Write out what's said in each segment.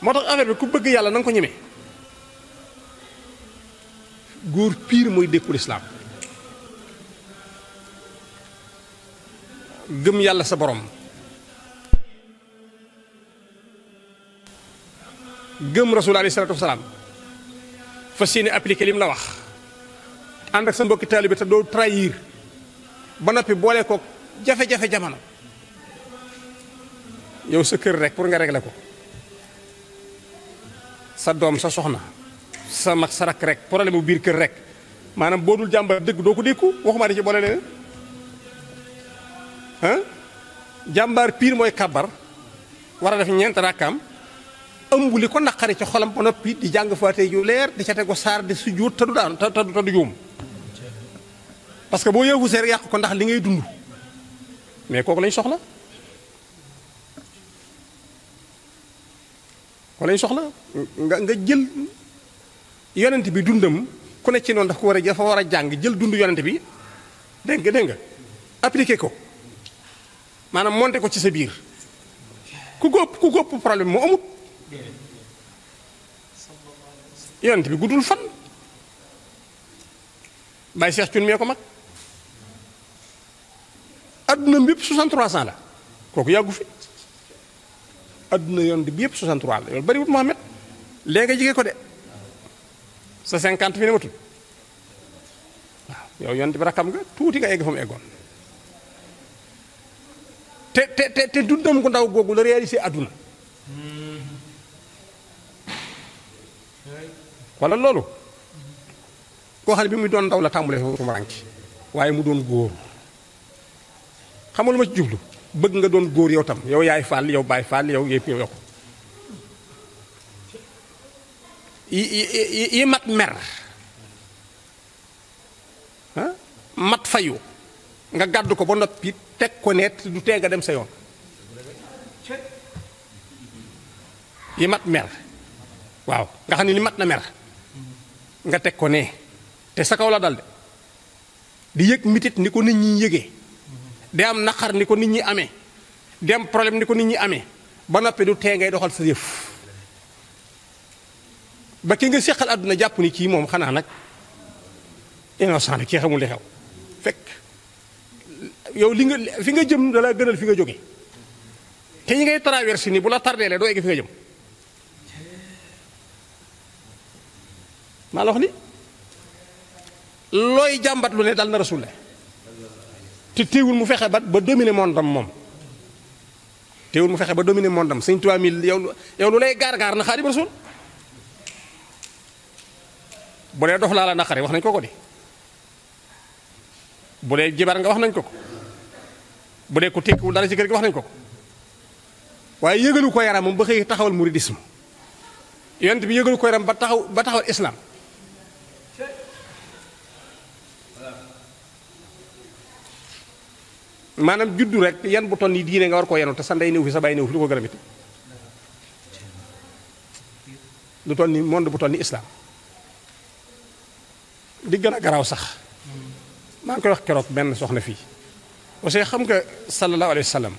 moo tax affaire bi ku bëgg yàlla na ko ñeme góor piir mooy dékku lislaam gëm yàlla sa borom gëm rasul alayhi salaatu wasalaam fas yéene appliqué lim la wax ànd ak sa mbokki taalibe te doo trahir ba noppi boole jafé jafé jamono yow sa kër rek pour nga régler ko sa dom sa soxna sa mak sa rak rek problème biir kër rek manam bo dul jambar deug doo ko dékku waxuma di ci boole leen hein jambar pire moy kabar wara def ñent rakam ëmb liko nakari ci xolam bo nopi di jang faatee ju leer di ca ko sar di sujud ta du daan ta du yum parce que bo yëgu rek yak ko ndax li ngay dundou mais kooku lañ soxla ko lañ soxla nga nga jël yonent bi dundam ku ne ci noonu dafa ko war a dafa war a jàng jël dund yonent bi dégg nga dégg ko maanaam monté ko ci sa biir ku góob ku góob problème moo amut yonent bi guddul fan bàyyi seex cun mee ko mag adduna bi yëpp 6300 la kooku yàggu fi adduna yonent bi yëpp 63 la yow bariwut Mohamed léegi nga jege ko de sa 50 fi ne matul waaw yow yonent bi rakkam nga tuuti nga egg fa mu eggoon te te te te dundam ko ndaw googu la réalisé adduna wala loolu koo xam ne bi muy doon ndaw la tàmbalee fa mu ranki waaye mu doon góor xam nga lu ma ci jublu bëgg nga doon góor yow tam yow yaay faal yow baay faal yow yëpp yow yi mat mer mat fayu nga gàddu ko ba noppi teg ko net du tee nga dem sa yoon yi mat mer waaw nga xam ne li mat na mer nga teg ko ne te sa kaw la dal de di yëg mitit ni ko nit ñi yëgee di am nakar ni ko nit ñi amé di am problème ni ko nit ñi amé ba noppé du té ngay doxal sa anak, ba ki nga seqal aduna japp ni ki mom xana nak innocent ki xamul li xew fek yow li nga fi nga jëm da la gënal fi nga joggé té ngay traverser ni bu la lé do egg fi nga jëm ma la wax ni loy jambat lu né dal na rasul te téewul mu fexe ba ba dominer mondam moom téewul mu fexe ba dominer mondam sëñ Tuubaa mi yow yow lu lay gaar-gaar na Xaadimu Rasuul bu dee dox laa la naqari wax nañ ko ko di bu dee jibar nga wax nañ ko ko bu dee ku tekkiwul dara ci kër gi wax nañ ko ko waaye yëgalu ko yaram ba xëy taxawal muridisme yonent bi yëgalu ko yaram ba taxaw ba taxawal islam maanaam juddu rek yan bu ton yi diine nga war koo yenu te sa ndey néew fi sa bàyyi néew fi lu ko gën a métti lu toll ni monde bu toll ni islam di gën a garaaw sax maa ngi koy wax keroog benn soxna fii parce que xam nga sallallahu alayhi wa sallam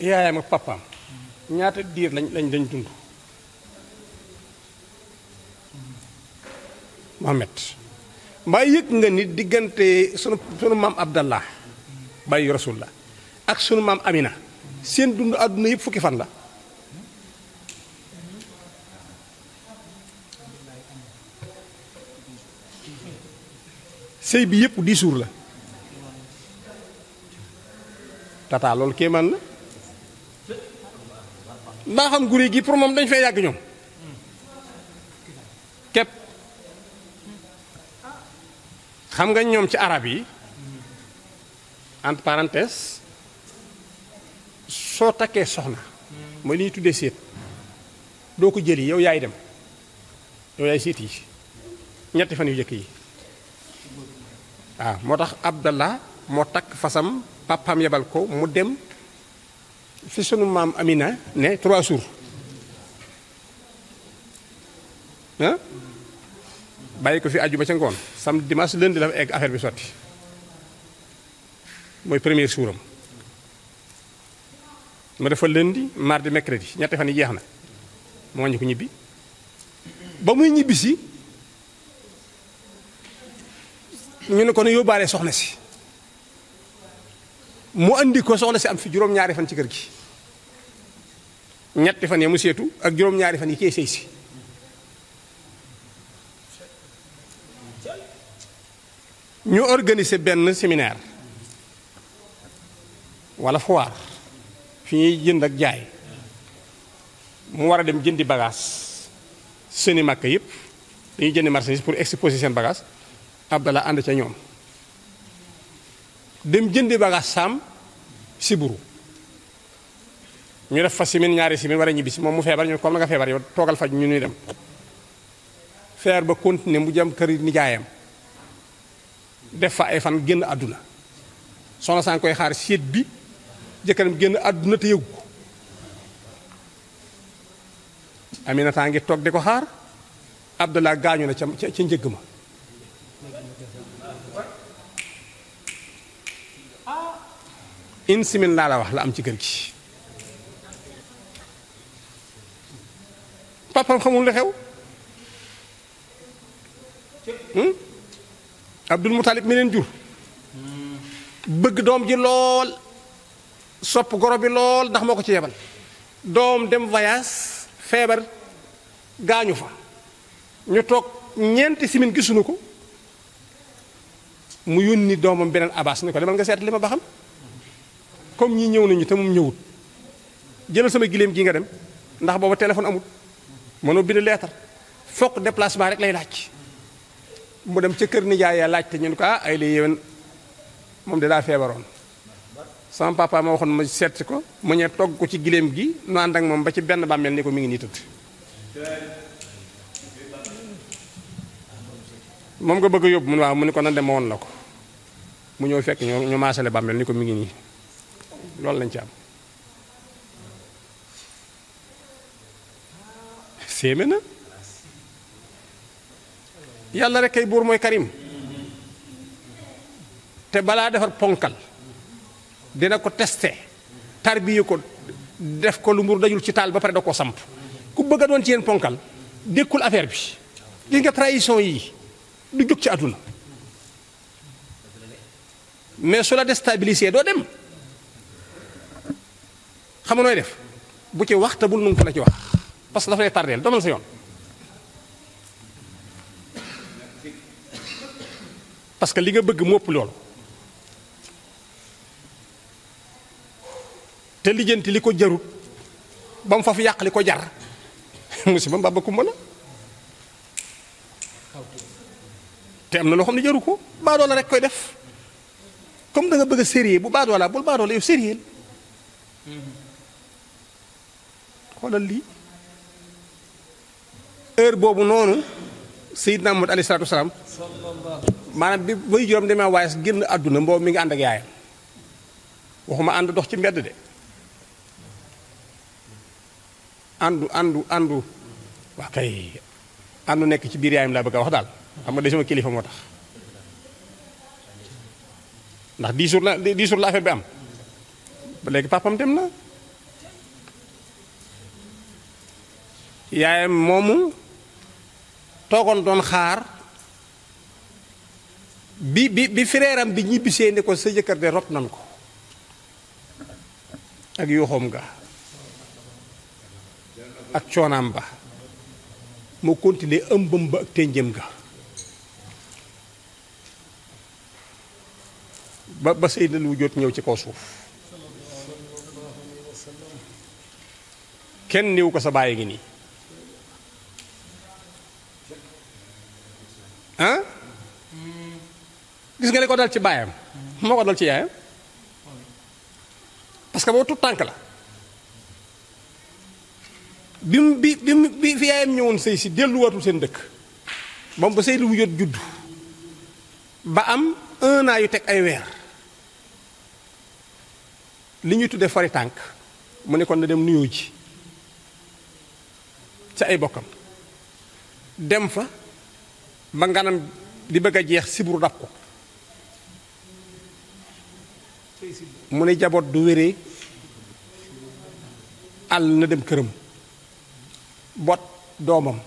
yaayam ñaata diir lañ lañ dañ dund Mohamed mbaa yëg nga ni diggante sunu sunu maam Abdallah bàyyi rasulullah ak sunu maam Amina seen dund àdduna yëpp fukki fan la sëy bi yëpp dix jours la tata loolu kéemaan la ndaa xam guri gi pour moom dañ fay yàgg ñoom xam nga ñoom ci arab yi entre parenthèse soo takkee soxna mooy li ñuy tuddee séet doo ko jëli yow yaay dem yow yaay séet yi ñetti fan yu jëkk yi waaw moo abdallah moo takk fasam papam yebal ko mu dem fi sunu maam amina ne trois jours ah bàyyi ko fi ba ci ngone sam dimanche lundi la ek affaire bi soti moy premier souram ma defal lundi mardi mercredi ñatt fan yi jeex na ñu ko ñibi ba muy ñibi ci ñu ne ko ne yóbbaale soxna ci mu andi ko soxna ci am fi juroom ñaari fan ci kër gi ñatt fan ya mu setu ak juroom ñaari fan yi kessé ñu organiser benn séminaire wala foire fi ñuy jënd ak jaay mu war a dem jëndi bagage seni màkk yépp dañuy jëndi marchandise pour exposer seen bagage abdala ànd ca ñoom dem jëndi bagage saam siburu ñu def fa simin ñaari simin wara a moom mu feebar ñu comme nga feebar yow togal fa ñu ñuy dem feer ba continuer mu jëm kër jaayam def fa ay fan génn àdduna soxna saa ngi koy xaar séet bi jëkkëram génn àdduna te yëgu ko Aminata ngi toog di ko xaar Abdallah gaañu na ca njëgg ma une semaine laa la wax la am ci kër gi papam xamul li xew hmm? Abdul Mutalib mi leen jur bëgg doom ji lool sopp goro bi lool ndax moo ko ci yebal doom dem voyage feebar gaañu fa ñu toog ñeenti simin gisuñu ko mu yónni doomam beneen abbas ni ko demal nga seet li ma baxam comme ñi ñëw nañu te moom ñëwut jëlal sama giléem gi nga dem ndax booba téléphone amul mënoo bind leetar fokk déplacement rek lay laaj mu dem ci kër nijaay ya laajte ñun ko ah, ay li mom de febaron sama papa ma waxon ma seet ko mu ñe togg ko ci gilem gi nu and ak mom ba ci benn bàmmeel ni ko mi ngi ni tut mom nga bëgg yob mu wa mu ne ko dem won lako mu ñew fekk ñu ñu ni ko mi ngi ni lañ ci am semena yàlla rek kay buur mooy karim te balaa defar ponkal dina ko teste tarbiyu ko def ko lu mbur dajul ci taal ba pare da ko samp ku bëgg a doon ci yéen ponkal dékkul affaire bi li nga trahison yi du jóg ci àdduna mais su la déstabilisé doo dem xam nooy def bu ci waxta bul nu ko la ci wax parce que dafa lay tardeel domal sa yoon parce que li nga bëgg mu ëpp loolu te lijjanti li ko jarut ba mu fa yàq li ko jar musiba mbaa ba kumba la te am na loo xam ne jaru ko baadoola rek koy def comme danga bëgg a bu baadoola bul baadoola yow sérieux xoolal lii heure boobu noonu Seydina Muhammad alayhi salaatu salaam manam bi bay juroom demé wayes genn aduna mbo mi nga and ak yaay waxuma and dox ci mbedd de andu andu andu wa kay andu nek ci bir yaayam la bëgg wax dal xam nga de sama kilifa motax ndax dix jours la dix jours la fa bi am ba léegi papam dem na yaayam momu togon don xaar bi bi bi frère bi ñibbisee ne ko sa jëkkër de rob nan ko ak yuuxoom nga ak coonaam ba mu continuer ëmbam ba ak ténjëm ga ba ba sëy na lu ñëw ci kaw suuf kenn néew ko sa bàyyi ngi nii ko dal ci bayam moko dal ci yaayam parce que boobu tout tànk la bi bi bi bi fi yaayam sey ci delu watu sen dekk mom ba sey lu yott judd ba am un an yu tek ay wer li ñu tuddé fari tank mu ne kon na dem nuyu ci ci ay bokkam dem fa ba nganam di bëgg jeex siburu dab ko mu ne jaboot du wéree àll na dem këram bot doomam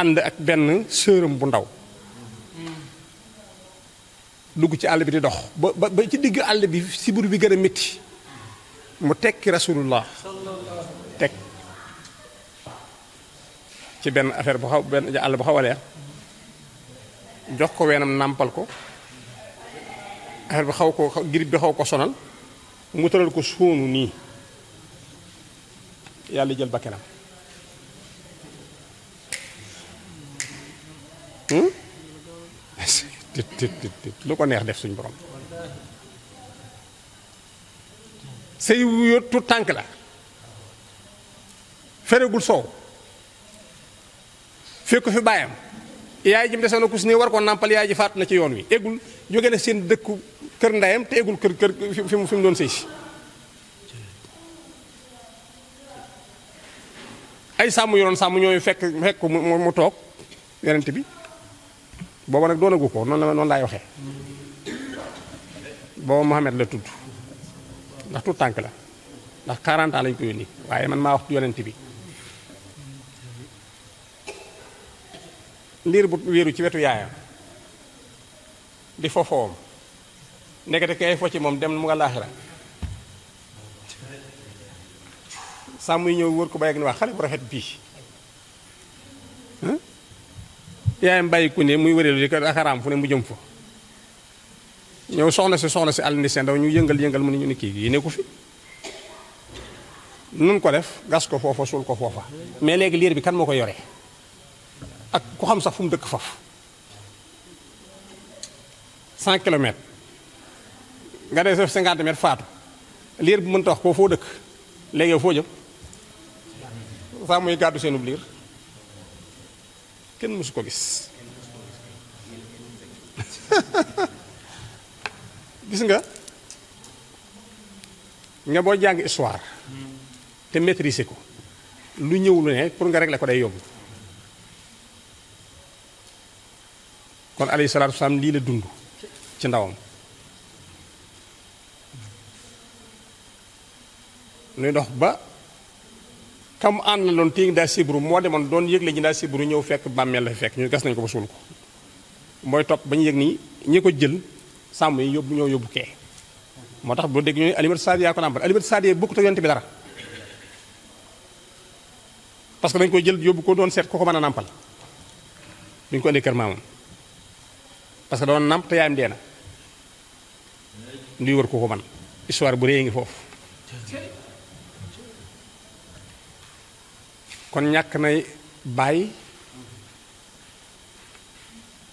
ànd ak benn sëram bu ndaw dugg ci àll bi di dox ba ba ci digg àll bi sibur bi gën a metti mu tekki rasulullah teg ci benn affaire bu xaw benn àll bu xaw a jox ko weenam nàmpal ko affaire bi xaw ko girib bi xaw ko sonal mu tëral ko suunu nii yàlla jël bakkanam tit tit tit lu ko neex def suñ borom sëy yottu tànk la feregul soow fekk fi baayam yaay ji mu desoon na ku si war ko nàmpal yaay ji faatu na ci yoon wi eggul jóge na seen dëkku kër ndeyam te eggul kër kër fi mu fi mu doon sëy ay sàmm yoroon sàmm ñooy fekk fekk mu toog yonent bi booba nag doonagu ko noonu la noon lay waxee booba Mohamed la tudd ndax tout tànk la ndax 40 ans lañ ko yónni waaye man maa wax yonent bi ndiir bu wéeru ci wetu yaayam di fofoom nekkate ki ngay ci moom dem mu nga laaxira sàmm yi ñëw wër ko ba ak ni waa xale bu rafet bii yaayam bàyyi ku ne muy wëreelu di ko akaraam fu ne mu jëm fa ñëw soxna si soxna si al ni seen daw ñu yëngal yëngal mu ne ñu ne kii yi ne ko fi nun ko def gas ko foofa suul ko foofa mais léegi liir bi kan moo ko yore ak ku xam sax fu mu dëkk faf cent kilomètres nga def 50 mètres faatu liir bu mën tax ko fo dëkk léegi fo foo jëm saa muy gaddu seenub liir kenn mësu ko gis gis nga nga bo jang histoire te maîtriser ko lu ñew lu ne pour nga régler ko day yomb kon ali alayhi salaatu wasalaam lii la dundu ci ndawam nuy dox ba kam an ti da sibru moo demoon don yegle ñi da sibru ñew fekk bammel la fekk ñu gas nañ ko ba suul ko moy top bañ yegni ni ñi ko jël sam yi yob ñoo yóbbu kee moo bu deg ñu ne alimat sadiya ko nàmpal alimat sadiya bokkut ak yent bi dara parce que dañ ko jël yóbbu ko don set ko ko mën nampal ñu ko andi kër maamam parce que don namp te yaam deena na wër ko ko man histoire bu ngi kon ñàkk nay baay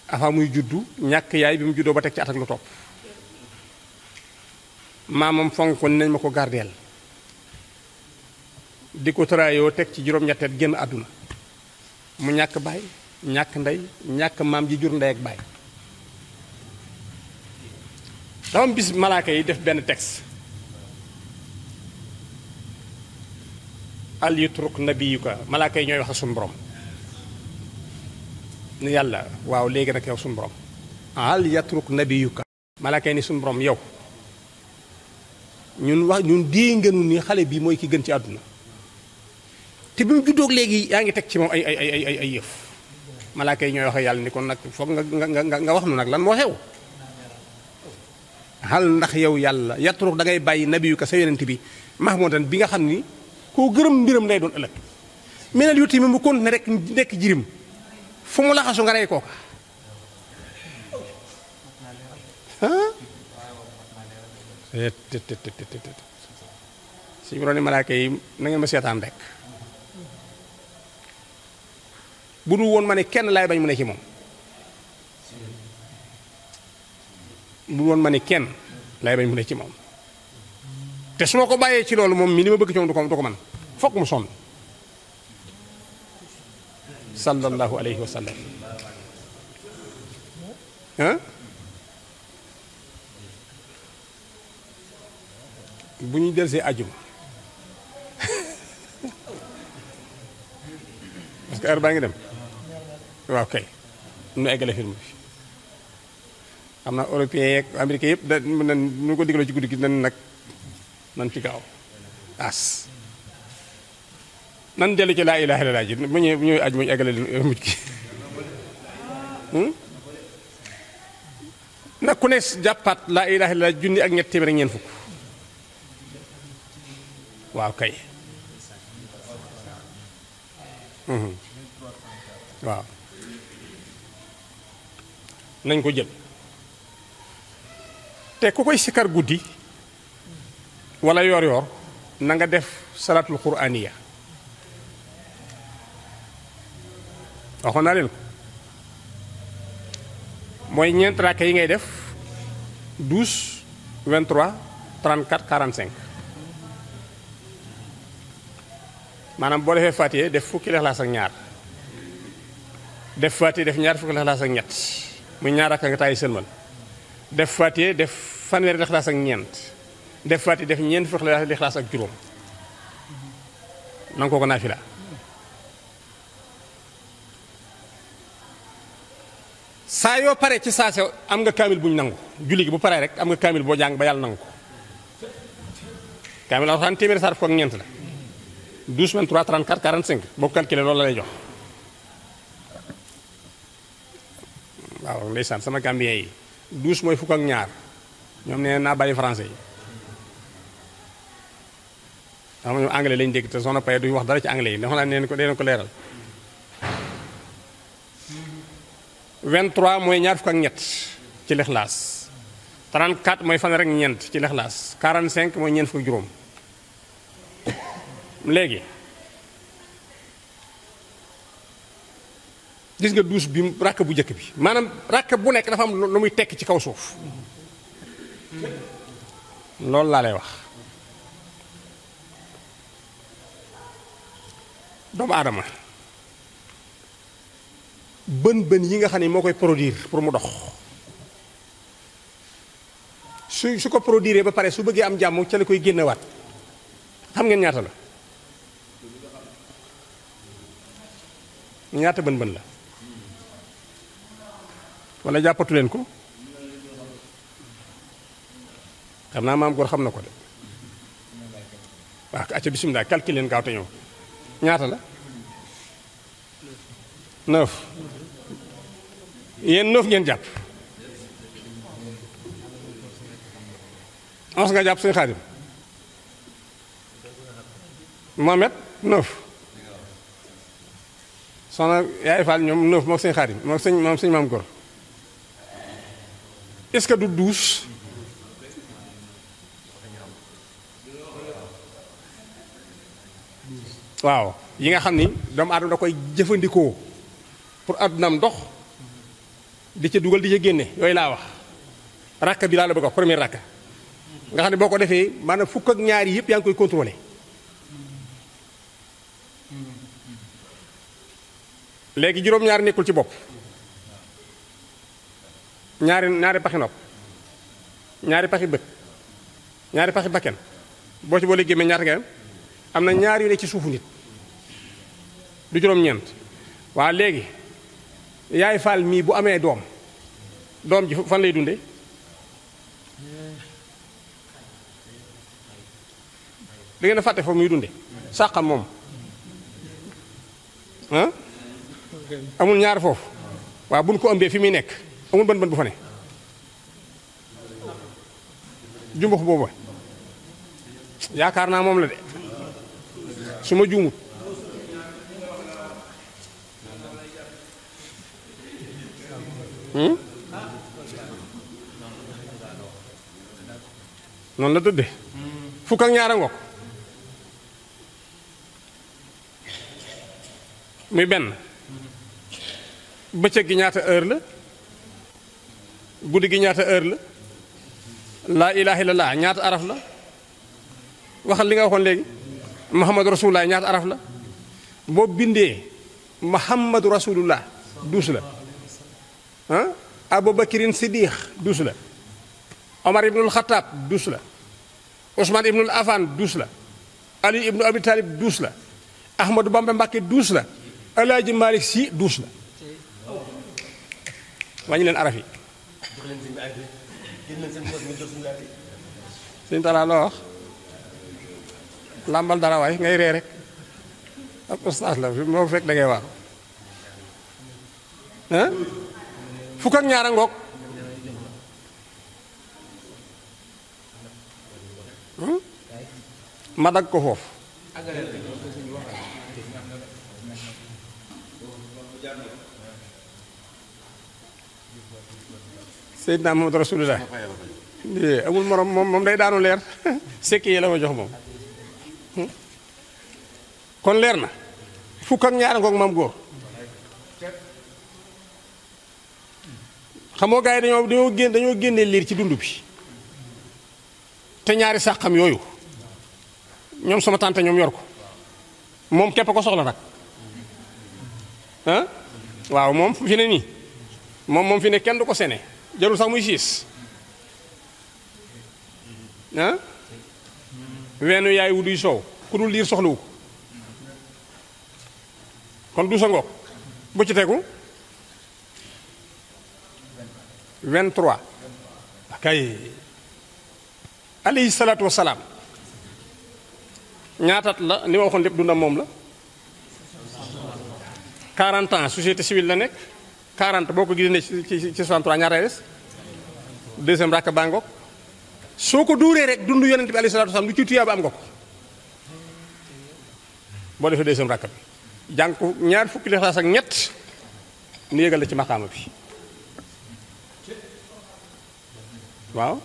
afa muy juddu ñàkk yaay bi mu juddoo ba teg ci at ak lu topp maamam fonkoon nañ ma ko gardeel di ko tëraayoo teg ci juróom-ñetteet génn àdduna mu ñàkk baay ñàkk ndey ñàkk maam ji jur ndey ak baay dama bis malaaka yi def benn texte al yutruk nabiyuka malaaka yi ñooy wax ak suñu borom ni yàlla waaw léegi nag yow suñu borom al yatruk nabiyuka malaaka yi ni suñu borom yow ñun wax ñun dée ngenu ni xale bi mooy ki gën ci àdduna te bi mu juddoog léegi yaa ngi teg ci moom ay ay ay ay ay yëf malaaka yi ñooy wax yàlla ni kon nag foog nga nga nga wax nu nag lan moo xew hal ndax yow yàlla yatruk da ngay bàyyi nabiyuka sa yonent bi mahmudan bi nga xam ni koo gërëm mbiram lay doon ëllëg meneen yu mi mu na rek nekk jirim fu mu laxasu nga rey kooka suñu borom ne malaaka yi na ngeen ma seetaan rek bu dul woon ma ne kenn laay bañ mu ne ci moom bu dul woon ma ne kenn laay bañ mu ne ci moom te su ma ko bàyyee ci loolu moom mi li ma bëgg ci moom du ko du ko man foog mu sonn sallallahu alayhi wa sallam bu ñu delsee àjjuma parce que baa ngi dem waaw kay nu eggale film bi xam naa européen yeeg américain yëpp da mën na nu ko nan nag nan ci gaaw nan dellu ci la ilaha illallah ji mu ñu ñu aj mu eggale mu mujj hmm na ku ne jappat la ilaha illallah jundi ak ñet téeméer ak ñeen waaw kay hmm. waaw nañ ko jël te ku koy sikar guddi wala yor yor na nga def salatul qur'aniya waxoon naa leen ko mooy yi ngay def 12 23 34 45 manam bo defé fatiye def fukki lekhlas ak ñaar def fatiye def ñaar fukki lekhlas ak ñett mu ñaar ak nga tàyyi sëlmal def fatiye def fanwer lekhlas ak ñent def fatiye def ñent fukki lekhlas ak juroom nang ko ko naafila saa yoo paree ci saase am nga kaamil buñ nangu julli gi bu paree rek am nga kaamil boo jàng ba yàlla nangu ko kaamil alxuraan téeméeri saar fukk ak ñeent la 12 23 34 45 boo ko calculé loolu la lay jox waaw ndeysaan sama gambien yi 12 mooy fukk ak ñaar ñoom nee naa bàyyi français yi xam nga ñoom anglais lañ dégg te soxna Paye duñ wax dara ci anglais yi ndax neen ko deen ko leeral 23 moy ñaar fuk ak ñet ci l'ikhlas 34 moy fan rek ñent ci l'ikhlas 45 moy ñeent fuk juroom légui gis nga douche bi rak bu jëk bi manam rak bu nek dafa am lu muy tek ci kaw suuf lool la lay wax doomu aadama bën bën yi nga xam ne moo koy produire pour mu dox su su ko produire ba pare su bëggee am jàmm ca la koy génnewaat xam ngeen ñaata la ñaata bën bën la wala jàppatu leen ko xam naa maam góor xam na ko de waaw acca la yéen noof ngeen jàpp onze nga jàpp suñu xaadim Mohamed noof soxna yaay Fall ñoom noof mook suñu xaadim mook suñ moom suñu maam góor est-ce que du douze waaw yi nga xam ni doomu aadama da koy jëfandikoo pour àddunaam dox di ca dugal di ca génne yooyu laa wax rakk bi laa la bëgg wax première rakk nga xam ne boo ko defee maanaam fukk ak ñaari yëpp yaa ngi koy contrôlé léegi juróom-ñaari nekkul ci bopp ñaari ñaari paxi nopp ñaari paxi bët ñaari paxi bakken boo ci boole gémmee ñaata nga am na ñaar yu ne ci suufu nit du juróom-ñeent waa léegi yaay faal mii bu amee doom doom ji fan lay dunde da na a fàtte fa muy dunde sàqam moom amul ñaar foofu waaw buñ ko ëmbee fi muy nekk amul bën bën bu fane ne jumbux booba yaakaar naa moom la de su ma juumut noonu la tëdde fukk ak ñaara ngoog muy benn bëccëg gi ñaata heure la guddi gi ñaata heure la laa ilaha illallah ñaata araf la waxal li nga waxoon léegi muhammadu rasulullah ñaata araf la boo bindee muhammadu rasulullah duus la Abu Bakirin siddiq dus la omar ibnul khattab dus la Usman ibnul afan dus la ali ibn abi talib dus la Ahmad bamba mbake dus la malik si dus la wàññi Sinta araf yi sëñ talaa wax lambal dara way ngay rek la mo fek da ngay wax hein fukk ak ñaara ngoog hmm? ma dagg ko foofu Seydina Muhammad Rasulullah eh, amul morom moom moom day daanu leer sekki yi la ma jox moom hmm? kon leer na fukk ak ñaara ngoog maam góor xamoo gars yi dañoo dañoo génn dañoo génnee liir ci dund bi te ñaari sàqam yooyu ñoom sama tante ñoom yor ko moom képp ko soxla nag waaw moom fi ne nii moom moom fi ne kenn du ko sene jarul sax muy siis weenu yaay wu duy soow ku dul liir soxlawu ko kon du sa ngoog bu ci tegu 23 kay ali salatu wassalam ñaatat la ni ma waxon lepp dundam mom la 40 ans société civile la nek 40 boko ko ne ci 63 ñaata des deuxième rakk bangok soko ko rek dund yonent bi alayhi salatu wassalam lu ci tuyaa ba am nga bo defé defee deuxième rakk jank ñaar fukki lixlaas ak ñet ni yegal ci maqaama bi Wow,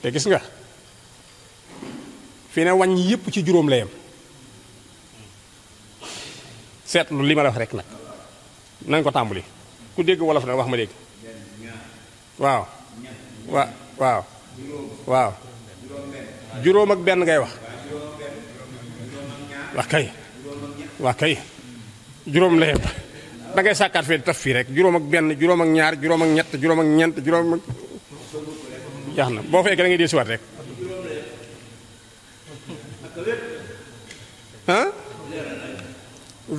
te gis nga fi ne wañ yépp ci juróom la yem seetlu li ma la wax rek nag nañ ko tàmbali ku dégg wolof nag wax ma dégg waaw wa waaw waaw juróom ak benn ngay wax wa kay wa kay juróom la yam da ngay sàkkaat fi taf fi rek juroom ak ben juroom ak ñaar juroom ak ñett juroom ak ñent juroom ak jaxna bo fekk da ngay deesiwaat rek hein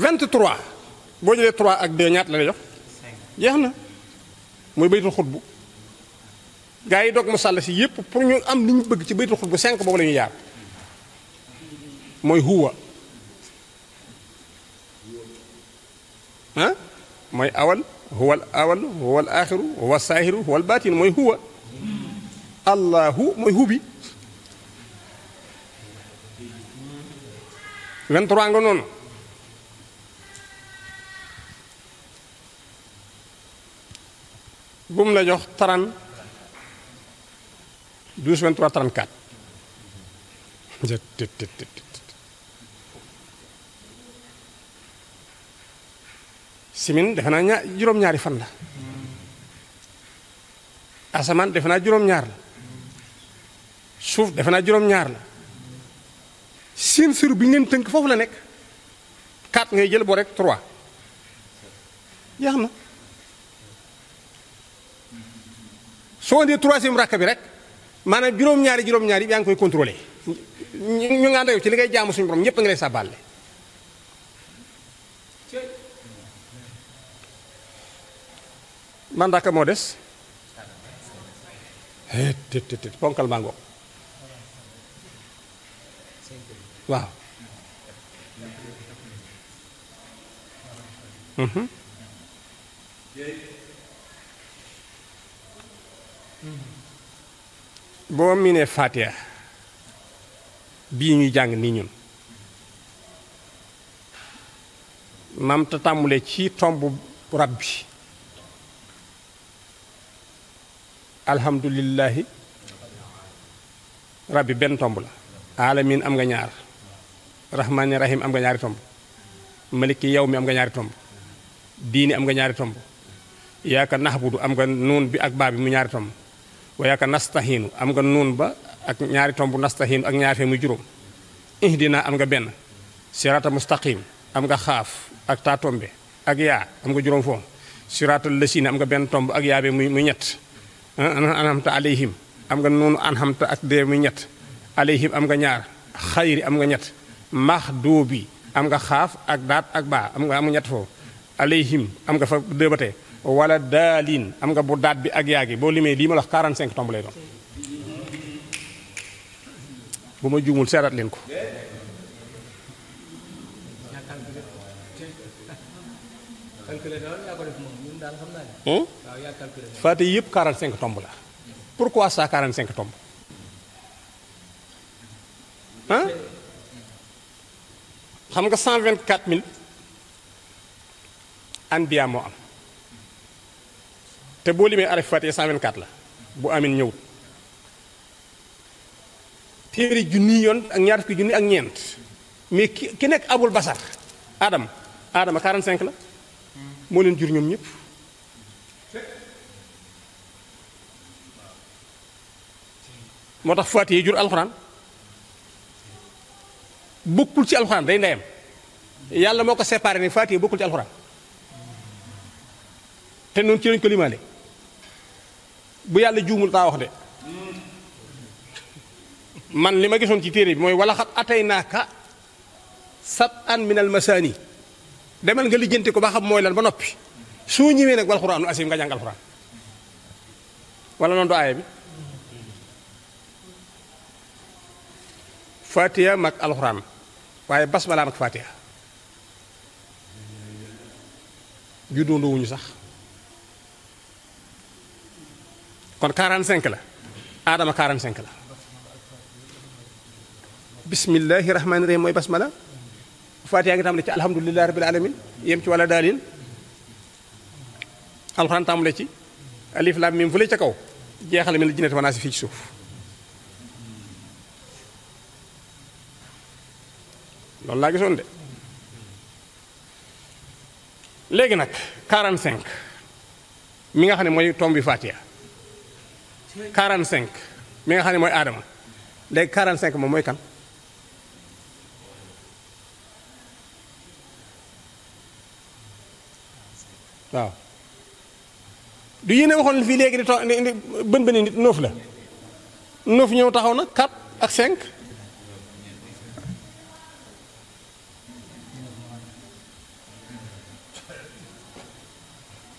23 bo jëlé 3 ak 2 ñaat la lay jox jaxna moy mooy baytul xutbu gaa yi doog mu sàll si yépp pour ñu am li bëgg ci baytul khutbu 5 bo lañu yaar huwa ah mooy awal huwal awal huwal aaxiru huwal saahiru huwal mooy huwa allahu mooy hubi 23 nga noonu bu mu la jox 30 12 23 34 simin defe naa ña juróom-ñaari fan la asaman defe naa juróom-ñaar la suuf defe naa juróom-ñaar la seen sër bi ngeen tënk foofu la nekk quatre ngay jël bo rek trois jeex na soo indee troisième rakk bi rek maanaam juróom-ñaari juróom-ñaari yaa ngi koy contrôler ñu nga ci li ngay jaamu suñu borom ñëpp nga lay sàbbaale mandaka mo dess eh, des tét tét tét ponkal mango ngoog waaw hmm bo miné fatia bi ñu jang ni ñun nam ta tàmmulee ci tomb rabbi alhamdulillahi rabbi benn tomb la alamin am nga ñaar rahmaani rahim am nga ñaari tomb maliki yow mi am nga ñaari tomb diini am nga ñaari tomb yaaka naxbudu am nga nuun bi ak baa mu ñaari tomb wa yaaka nastahiinu am nga nuun ba ak ñaari tomb nastahiinu ak ñaari fe muy juróom ihdina am nga benn sirata mustaqim am nga xaaf ak taa tombe ak yaa am nga juróom foofu siraatal lësiina am nga benn tomb ak yaa be muy ñett anhamta alayhim am nga noonu anhamta ak dee am nga ñaar xayri am nga ñett max dóobi am nga xaaf ak daat ak baa am nga ñett foofu alayhim am nga fa deux ba tey wala daalin am nga bu daat bi ak yaagi boo limee lii ma la wax 45 tomb lay doon bu ma juumul seeraat leen ko Fatiha yëpp 45 tombes la pourquoi ça 45 tombes ah xam nga 124000 anbiya moo am te boo limee araf Fatiha 124 la bu amin ñëwut téere junni yoon ak ñaar fukki junni ak ñeent mais ki ki nekk abul basar Adam Adama cinq la moo leen jur ñoom ñëpp. moo tax Faatiha jur alxuraan bokkul ci alxuraan day ndeyam yàlla moo ko séparé ne Faatiha bokkul ci alxuraan te noonu ci lañ ko limaale bu yàlla juumul taa wax de man li ma gisoon ci téere bi mooy wala xat atay naaka sab an minal masaani demal nga lijjanti ko ba xam mooy lan ba noppi soo ñëwee nag wal xuraanu asim nga jàng alxuraan wala noonu du aaya bi fatiha mag alxuraan waaye basmala mag fatiha juddoondoo wuñu sax kon 45 la aadama 45 la bismillahi rahmaani rahim mooy basmala fatiha ngi ci alhamdulilahi rabbil alamin yem ci wala daalin alxuraan tàmbale ci alif laam mim fu la ca kaw jeexal mi la jinnati wanaasi fii ci suuf loolu laa gisoon de léegi nag cinq mi nga xam ne mooy tomb bi Faatiha cinq mi nga xam ne mooy Aadama léegi cinq moom mooy kan. waaw du yéene waxoon fii léegi di to bën bëni noof la noof ñëw taxaw na 4 ak cinq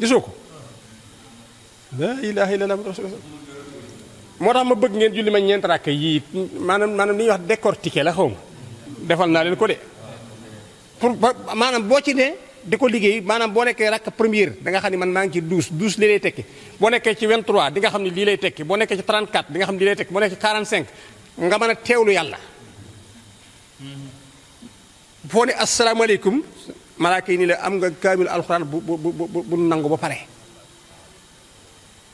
gisoo ko la ilaha illallah moo tax ma bëgg ngeen julli ma ñeent rakk yii maanaam maanaam li ñuy wax décortiquer la xaw ma defal naa leen ko de pour maanaam boo ci ne di ko liggéey maanaam boo nekkee rakk première da nga xam ne man maa ngi ci douze douze lii lay tekki boo nekkee ci 23 di nga xam ne lii lay tekki boo nekkee ci 34 di nga xam ne lii lay tekki boo nekkee ci nga mën a teewlu yàlla mm-hmm. foo malaaka yi ni la am nga kamil bu bu bu bu bu nangu ba pare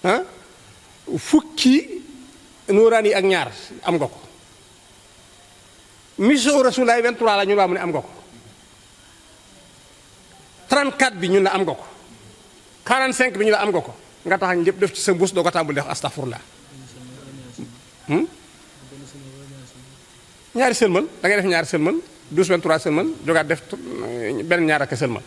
ah fukki nurani ak ñaar am nga ko mission rasulaay 23 la ñu la mu am nga ko 34 bi ñu la am nga ko 45 bi ñu la am nga ko nga tax ñepp def ci sa mbuus do ko tambul def hmm ñaari selmal da ngay def ñaari selmal douze vingt trois sëlmal jógaat def benn ñaar ak sëlmal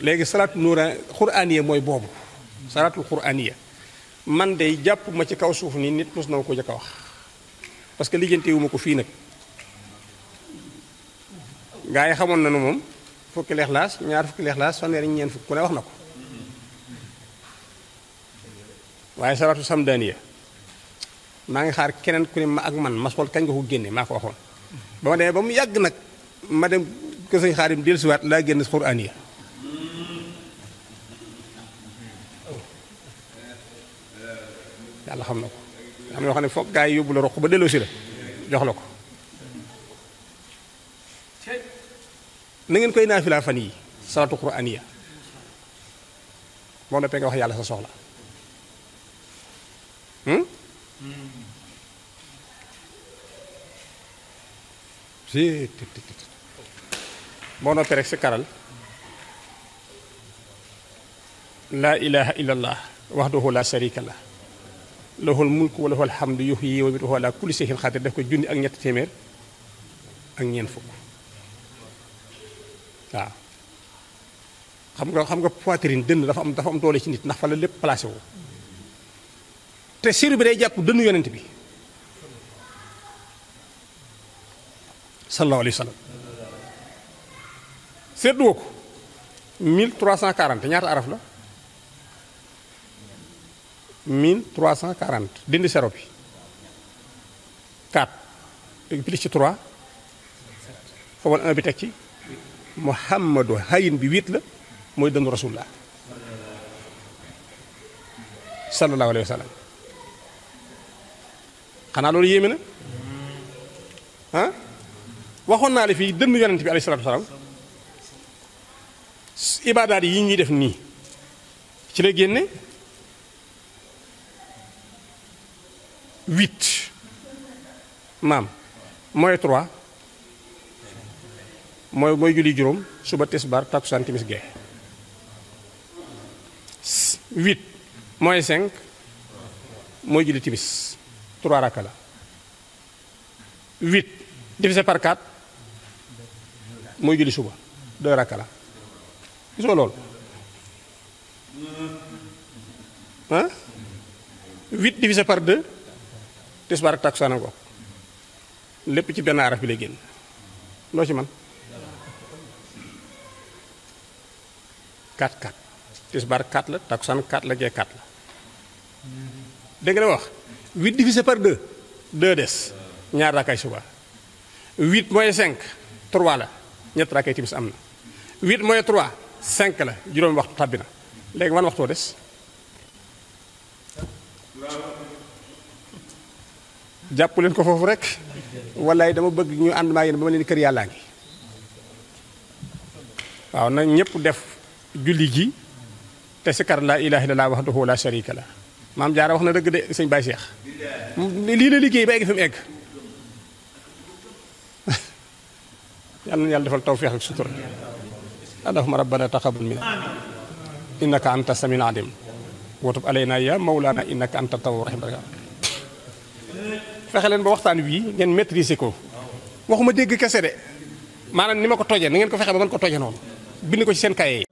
léegi salaatu nuura xuraaniya mooy boobu salaatul xuraaniya man de jàpp ma ci kaw suuf ni nit mos na ma ko jëkk a wax parce que lijjante ma ko fii nag gaa yi xamoon na nu moom fukki leexlaas ñaar fukki leexlaas fanweeri ñeen fukk ku ne wax na ko waaye salaatu samdaaniya maa ngi xaar keneen ku ne ma ak man ma xool kañ nga ko génne maa ko waxoon ba ma demee ba mu yàgg nag ma dem ko sëñ xaadim dellusiwaat laa génn xuraan yi xam na ko am yoo xam ne foog gaa yi yóbbu la roq ba delloo si la jox la ko na ngeen koy naafilaa fan yi salatu quraaniya moom la nga wax yàlla sa soxla si boo noppee rek si karal laa ilaha illa allah wahdahu la sharika lah lahul mulku wa lahul hamdu yuhyi wa yumiitu wa ala kulli shay'in qadir def ko junni ak ñetti téeméer ak ñeent fukk waaw xam nga xam nga poitrine dënn dafa am dafa am doole ci nit ndax fa la lépp placé wu te siru bi day jàpp dënnu yonent bi sallallahu alayhi wa sallam seetluwoo ko ñaata araf la 1340 dindi sero bi 4 plus ci 3 fobal 1 bi teg ci Muhammadu hayin bi 8 la mooy dëndu rasulullah sallallahu alayhi wa xanaa loolu yéeme na waxoon naa la fii dënn yonent bi alayhi salaatu salaam ibaadaat yi ñuy def nii ci la génne huit maam mooy trois mooy mooy julli juróom suba tisbaar takkusaan timis gee huit mooy cinq mooy julli timis trois rakka la huit divisé par moy julli suba do rakka la gisoo loolu hein 8 divisé par 2 tisbaar ak takusaan ko lepp ci ben araf bi lay génn loo ci man 4 4 bar 4 la takusaan 4 la gee 4 la dégg nga wax 8 divisé par 2 2 des ñaar rakay suba 8 mooy 5 3 la ñett rakkay timis am na 8 mooy 3 5 la juróomi waxtu tàbbi na léegi man waxtoo des jàpp leen ko foofu rek wallaay dama bëgg ñu ànd maa yéen ba ma leen kër yàllaa ngi waaw na ñëpp def julli gi te sikar laa ilaaha wax wahdahu laa sharika la maam jaara wax na dëgg de sëñ Baye Cheikh lii la liggéey ba egg fi mu egg يالنا يالله دفال توفيق الشتر اللهم ربنا تقبل منا انك انت سميع عليم وتب علينا يا مولانا انك انت التواب الرحيم فخلين بوقتان وي نين ماتريسيكو واخوما ديغ كاسه دي مانام نيماكو توجي نين كو فخه با مانكو توجي نون بيني كو سين كاي